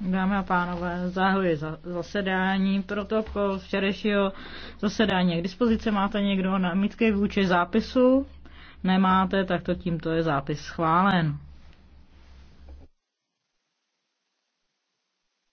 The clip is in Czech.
Dámy a pánové, zahuji za, zasedání. Protokol včerejšího zasedání k dispozici. Máte někdo námitky vůči zápisu? Nemáte, tak to tímto je zápis schválen.